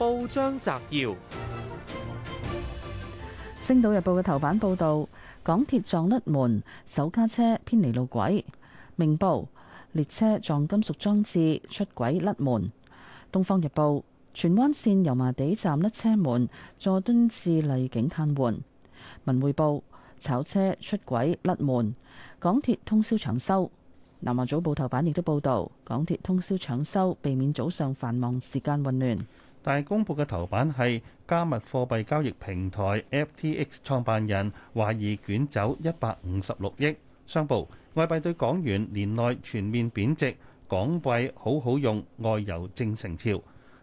報章摘要：《星島日報》嘅頭版報道港鐵撞甩門，首卡車偏離路軌；《明報》列車撞金屬裝置出軌甩門，《東方日報》荃灣線油麻地站甩車門，佐敦至荔景癱瘓，《文匯報》炒車出軌甩門，港鐵通宵搶修。《南華早報》頭版亦都報道港鐵通宵搶修，避免早上繁忙時間混亂。大公報嘅頭版係加密貨幣交易平台 FTX 創辦人懷疑捲走一百五十六億。商報外幣對港元年內全面貶值，港幣好好用，外遊正成潮。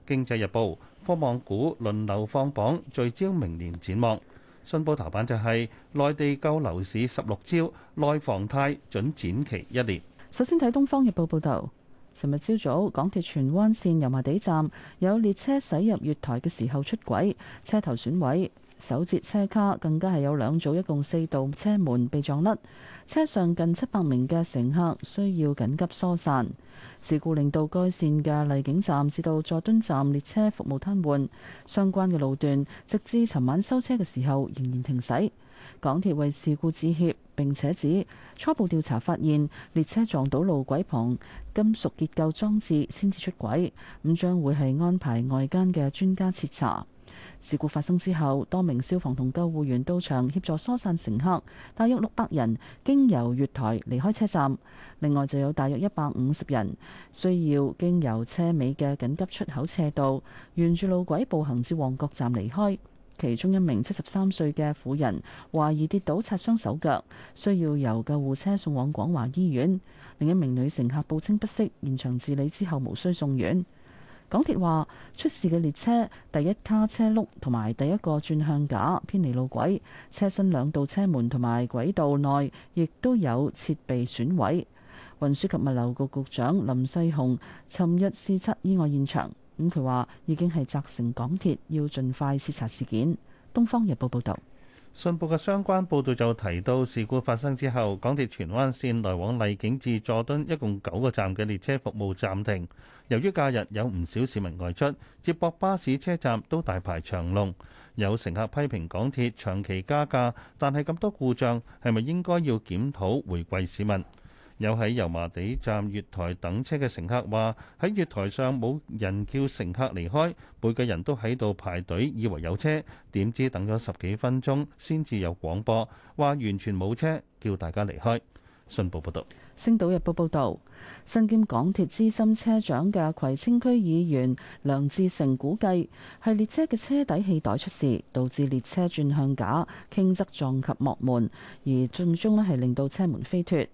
經濟日報科網股輪流放榜，聚焦明年展望。信報頭版就係內地救樓市十六招，內房貸準展期一年。首先睇《東方日報》報導。昨日朝早，港鐵荃灣綫油麻地站有列車駛入月台嘅時候出軌，車頭損毀，首節車卡更加係有兩組一共四道車門被撞甩，車上近七百名嘅乘客需要緊急疏散。事故令到該綫嘅荔景站至到佐敦站列車服務癱瘓，相關嘅路段直至尋晚收車嘅時候仍然停駛。港鐵為事故致歉，並且指初步調查發現列車撞到路軌旁金屬結構裝置先至出軌，咁將會係安排外間嘅專家徹查。事故發生之後，多名消防同救護員到場協助疏散乘客，大約六百人經由月台離開車站，另外就有大約一百五十人需要經由車尾嘅緊急出口斜道，沿住路軌步行至旺角站離開。其中一名七十三歲嘅婦人，懷疑跌倒擦傷手腳，需要由救護車送往廣華醫院。另一名女乘客報稱不適，現場治理之後無需送院。港鐵話，出事嘅列車第一卡車轆同埋第一個轉向架偏離路軌，車身兩道車門同埋軌道內亦都有設備損毀。運輸及物流局局，局長林世雄尋日視察意外現場。咁佢話已經係責成港鐵要盡快視察事件。《東方日報》報道，信報嘅相關報導就提到，事故發生之後，港鐵荃灣線來往荔景至佐敦一共九個站嘅列車服務暫停。由於假日有唔少市民外出，接駁巴士車站都大排長龍。有乘客批評港鐵長期加價，但係咁多故障，係咪應該要檢討回饋市民？有喺油麻地站月台等車嘅乘客話，喺月台上冇人叫乘客離開，每個人都喺度排隊以為有車，點知等咗十幾分鐘先至有廣播話完全冇車，叫大家離開。信報報道，星島日報報道，身兼港鐵資深車長嘅葵青區議員梁志成估計係列車嘅車底氣袋出事，導致列車轉向架傾側撞及幕門，而最終咧係令到車門飛脫。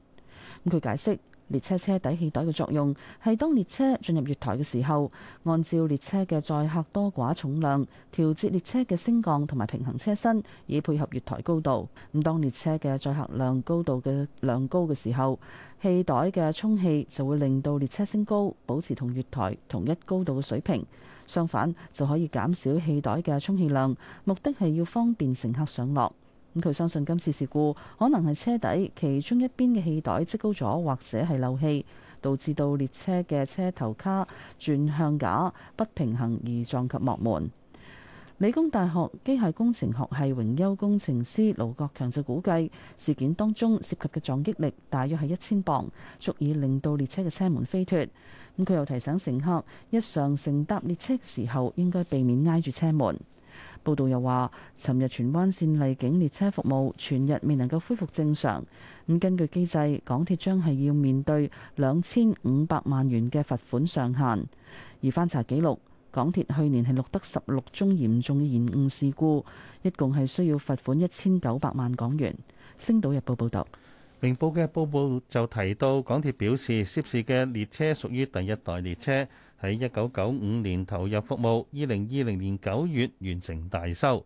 佢解釋，列車車底氣袋嘅作用係當列車進入月台嘅時候，按照列車嘅載客多寡重量，調節列車嘅升降同埋平衡車身，以配合月台高度。咁當列車嘅載客量高度嘅量高嘅時候，氣袋嘅充氣就會令到列車升高，保持同月台同一高度嘅水平。相反，就可以減少氣袋嘅充氣量，目的係要方便乘客上落。咁佢相信今次事故可能係車底其中一邊嘅氣袋積高咗，或者係漏氣，導致到列車嘅車頭卡轉向架不平衡而撞及幕門。理工大學機械工程學系榮休工程師盧國強就估計，事件當中涉及嘅撞擊力大約係一千磅，足以令到列車嘅車門飛脫。咁佢又提醒乘客，一上乘搭列車時候應該避免挨住車門。報道又話，尋日荃灣線麗景列車服務全日未能夠恢復正常。咁根據機制，港鐵將係要面對兩千五百萬元嘅罰款上限。而翻查記錄，港鐵去年係錄得十六宗嚴重嘅延誤事故，一共係需要罰款一千九百萬港元。星島日報報導，明報嘅報道就提到，港鐵表示涉事嘅列車屬於第一代列車。喺一九九五年投入服務，二零二零年九月完成大修。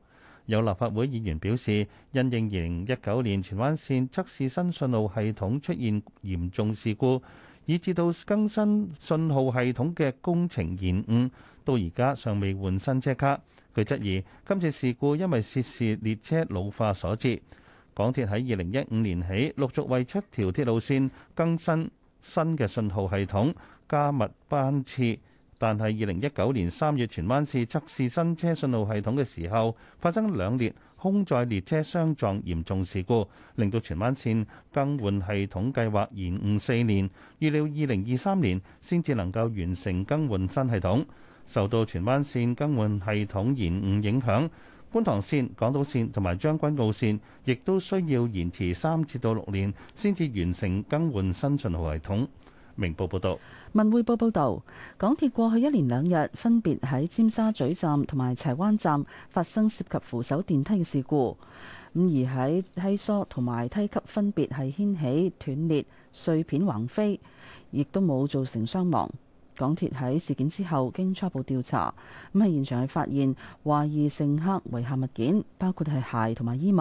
有立法會議員表示，因應二零一九年荃灣線測試新信號系統出現嚴重事故，以至到更新信號系統嘅工程延誤，到而家尚未換新車卡。佢質疑今次事故因為涉事列車老化所致。港鐵喺二零一五年起陸續為七條鐵路線更新新嘅信號系統，加密班次。但係，二零一九年三月，荃灣市測試新車信號系統嘅時候，發生兩列空載列車相撞嚴重事故，令到荃灣線更換系統計劃延誤四年，預料二零二三年先至能夠完成更換新系統。受到荃灣線更換系統延誤影響，觀塘線、港島線同埋將軍澳線，亦都需要延遲三至到六年先至完成更換新信號系統。明報報道。文匯報報道，港鐵過去一連兩日分別喺尖沙咀站同埋柴灣站發生涉及扶手電梯嘅事故，咁而喺梯疏同埋梯級分別係掀起，斷裂、碎片橫飛，亦都冇造成傷亡。港鐵喺事件之後經初步調查，咁喺現場係發現懷疑乘客遺下物件，包括係鞋同埋衣物，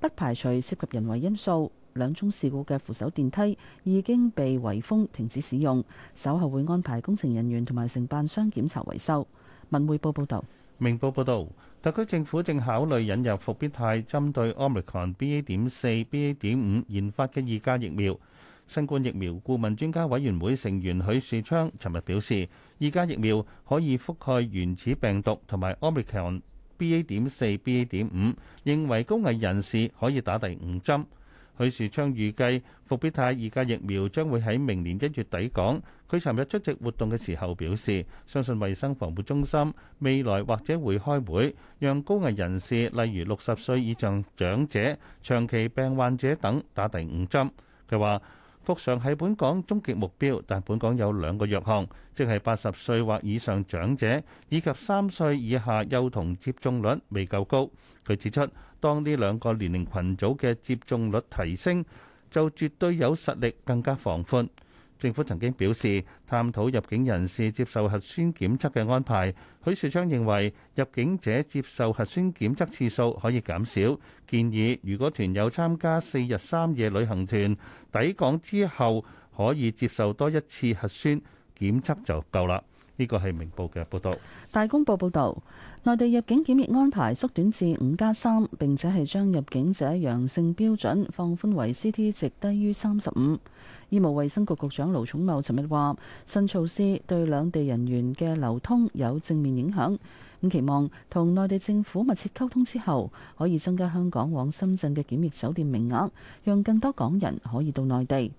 不排除涉及人為因素。兩宗事故嘅扶手電梯已經被圍封，停止使用。稍後會安排工程人員同埋承辦商檢查維修。文匯報報導。明報報導，特區政府正考慮引入復必泰針對 Omicron BA 點四、BA 點五研發嘅二價疫苗。新冠疫苗顧問專家委員會成員許樹昌尋日表示，二價疫苗可以覆蓋原始病毒同埋 Omicron BA 點四、BA 點五，認為高危人士可以打第五針。許樹昌預計復必泰二價疫苗將會喺明年一月底港。佢尋日出席活動嘅時候表示，相信衛生防護中心未來或者會開會，讓高危人士例如六十歲以上長者、長期病患者等打第五針。佢話。復常係本港終極目標，但本港有兩個弱項，即係八十歲或以上長者以及三歲以下幼童接種率未夠高。佢指出，當呢兩個年齡群組嘅接種率提升，就絕對有實力更加防範。政府曾經表示，探討入境人士接受核酸檢測嘅安排。許樹昌認為，入境者接受核酸檢測次數可以減少，建議如果團友參加四日三夜旅行團，抵港之後可以接受多一次核酸檢測就夠啦。呢個係明報嘅報導。大公報報導，內地入境檢疫安排縮短至五加三，3，並且係將入境者陽性標準放寬為 CT 值低於三十五。醫務衛生局局長盧寵茂尋日話：新措施對兩地人員嘅流通有正面影響。咁期望同內地政府密切溝通之後，可以增加香港往深圳嘅檢疫酒店名額，讓更多港人可以到內地。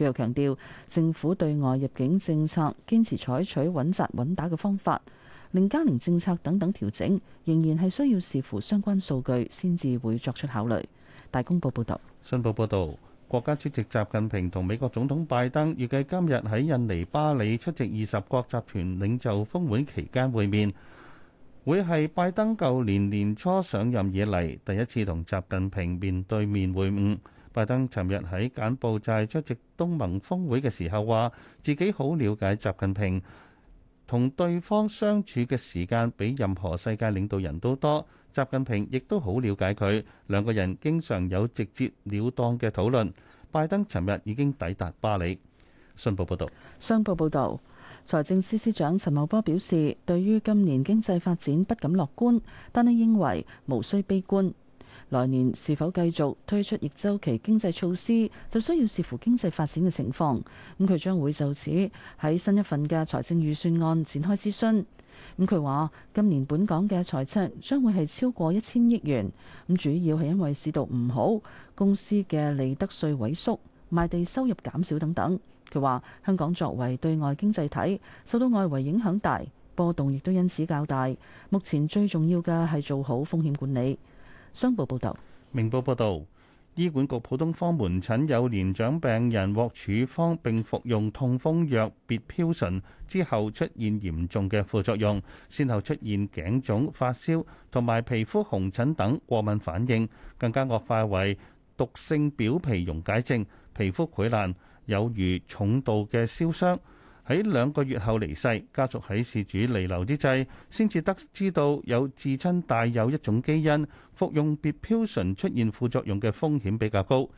佢又強調，政府對外入境政策堅持採取穩紮穩打嘅方法，零加零政策等等調整，仍然係需要視乎相關數據先至會作出考慮。大公報報道：「新報報道，國家主席習近平同美國總統拜登預計今日喺印尼巴里出席二十國集團領袖峰會期間會面，會係拜登舊年年初上任以嚟第一次同習近平面對面會晤。拜登尋日喺柬埔寨出席東盟峰會嘅時候，話自己好了解習近平，同對方相處嘅時間比任何世界領導人都多。習近平亦都好了解佢，兩個人經常有直接了當嘅討論。拜登尋日已經抵達巴黎。信報報導，商報報道：「財政司司長陳茂波表示，對於今年經濟發展不敢樂觀，但係認為無需悲觀。來年是否繼續推出逆周期經濟措施，就需要視乎經濟發展嘅情況。咁佢將會就此喺新一份嘅財政預算案展開諮詢。咁佢話：今年本港嘅財赤將會係超過一千億元。咁主要係因為市道唔好，公司嘅利得稅萎縮、賣地收入減少等等。佢話香港作為對外經濟體，受到外圍影響大，波動亦都因此較大。目前最重要嘅係做好風險管理。商報報道，明報報道，醫管局普通科門診有年長病人獲處方並服用痛風藥別嘌醇之後，出現嚴重嘅副作用，先後出現頸腫、發燒同埋皮膚紅疹等過敏反應，更加惡化為毒性表皮溶解症、皮膚潰爛，有如重度嘅燒傷，喺兩個月後離世，家族喺事主彌留之際，先至得知到有至親帶有一種基因，服用別嘌醇出現副作用嘅風險比較高。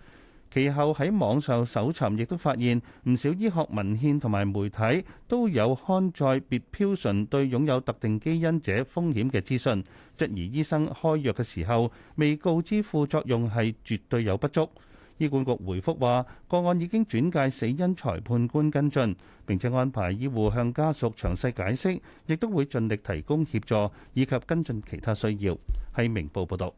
其後喺網上搜尋，亦都發現唔少醫學文獻同埋媒體都有刊載別嘌醇對擁有特定基因者風險嘅資訊，質疑醫生開藥嘅時候未告知副作用係絕對有不足。醫管局回覆話，個案已經轉介死因裁判官跟進，並且安排醫護向家屬詳細解釋，亦都會盡力提供協助以及跟進其他需要。係明報報道，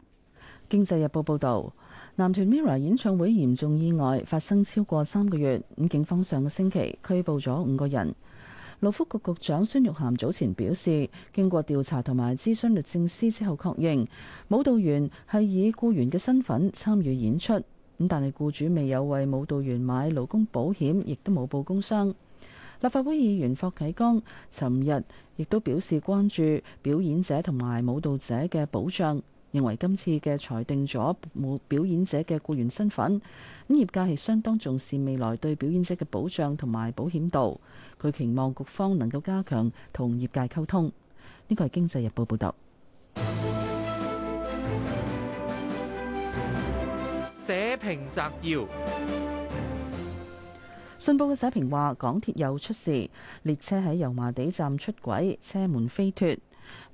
《經濟日報》報道，男團 MIRROR 演唱會嚴重意外發生超過三個月，咁警方上個星期拘捕咗五個人。勞福局局長孫玉菡早前表示，經過調查同埋諮詢律政司之後確認，確認舞蹈員係以僱員嘅身份參與演出。咁但係僱主未有為舞蹈員買勞工保險，亦都冇報工傷。立法會議員霍啟剛尋日亦都表示關注表演者同埋舞蹈者嘅保障，認為今次嘅裁定咗舞表演者嘅僱員身份，咁業界係相當重視未來對表演者嘅保障同埋保險度。佢期望局方能夠加強同業界溝通。呢個係《經濟日報》報道。社評摘要：信報嘅社評話，港鐵又出事，列車喺油麻地站出軌，車門飛脫。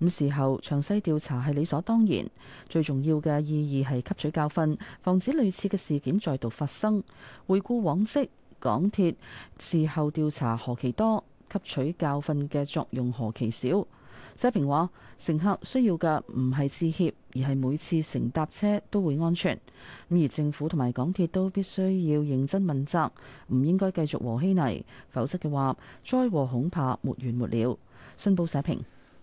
咁事後詳細調查係理所當然，最重要嘅意義係吸取教訓，防止類似嘅事件再度發生。回顧往昔，港鐵事後調查何其多，吸取教訓嘅作用何其少。社評話：乘客需要嘅唔係致歉，而係每次乘搭車都會安全。咁而政府同埋港鐵都必須要認真問責，唔應該繼續和稀泥，否則嘅話災禍恐怕沒完沒了。信報社評，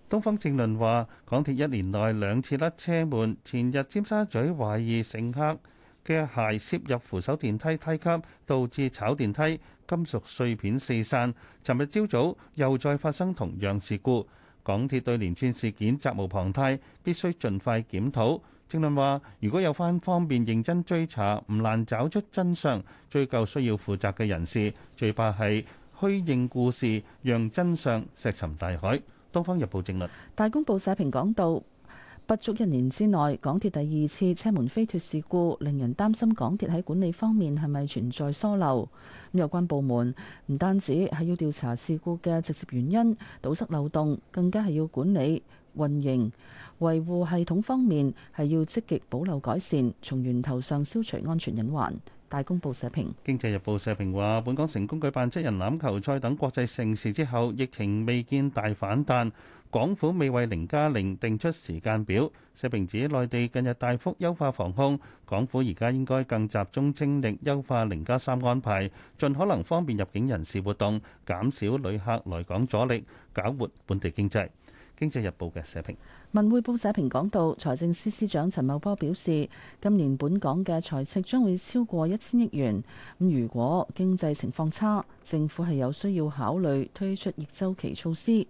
東方正論話：港鐵一年內兩次甩車門，前日尖沙咀懷疑乘客嘅鞋涉入扶手電梯梯級，導致炒電梯金屬碎片四散。尋日朝早又再發生同樣事故。港鐵對連串事件責無旁貸，必須盡快檢討。正論話：如果有番方便，認真追查，唔難找出真相，追究需要負責嘅人士。最怕係虛應故事，讓真相石沉大海。《東方日報》正論，《大公報》社評講道。不足一年之內，港鐵第二次車門飛脫事故，令人擔心港鐵喺管理方面係咪存在疏漏。咁有關部門唔單止係要調查事故嘅直接原因，堵塞漏洞，更加係要管理、運營、維護系統方面係要積極保留改善，從源頭上消除安全隱患。大公報社評，《經濟日報》社評話：本港成功舉辦七人欖球賽等國際盛事之後，疫情未見大反彈，港府未為零加零定出時間表。社評指，內地近日大幅優化防控，港府而家應該更集中精力優化零加三安排，盡可能方便入境人士活動，減少旅客來港阻力，搞活本地經濟。經濟日報嘅社評，文匯報社評講到，財政司司長陳茂波表示，今年本港嘅財赤將會超過一千億元。咁如果經濟情況差，政府係有需要考慮推出逆周期措施，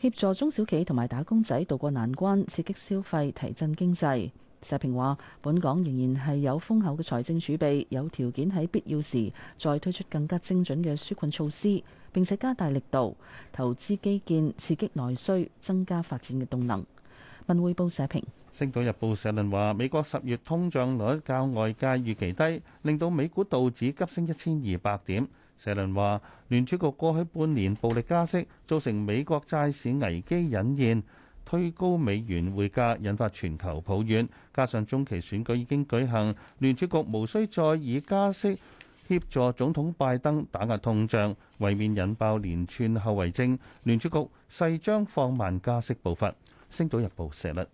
協助中小企同埋打工仔渡過難關，刺激消費，提振經濟。社評話：本港仍然係有豐厚嘅財政儲備，有條件喺必要時再推出更加精準嘅紓困措施，並且加大力度投資基建，刺激內需，增加發展嘅動能。文匯報社評，星島日報社論話：美國十月通脹率較外界預期低，令到美股道指急升一千二百點。社論話：聯儲局過去半年暴力加息，造成美國債市危機隱現。推高美元匯價，引發全球抱怨。加上中期選舉已經舉行，聯儲局無需再以加息協助總統拜登打壓通脹，為免引爆連串後遺症，聯儲局勢將放慢加息步伐。星島日報石率。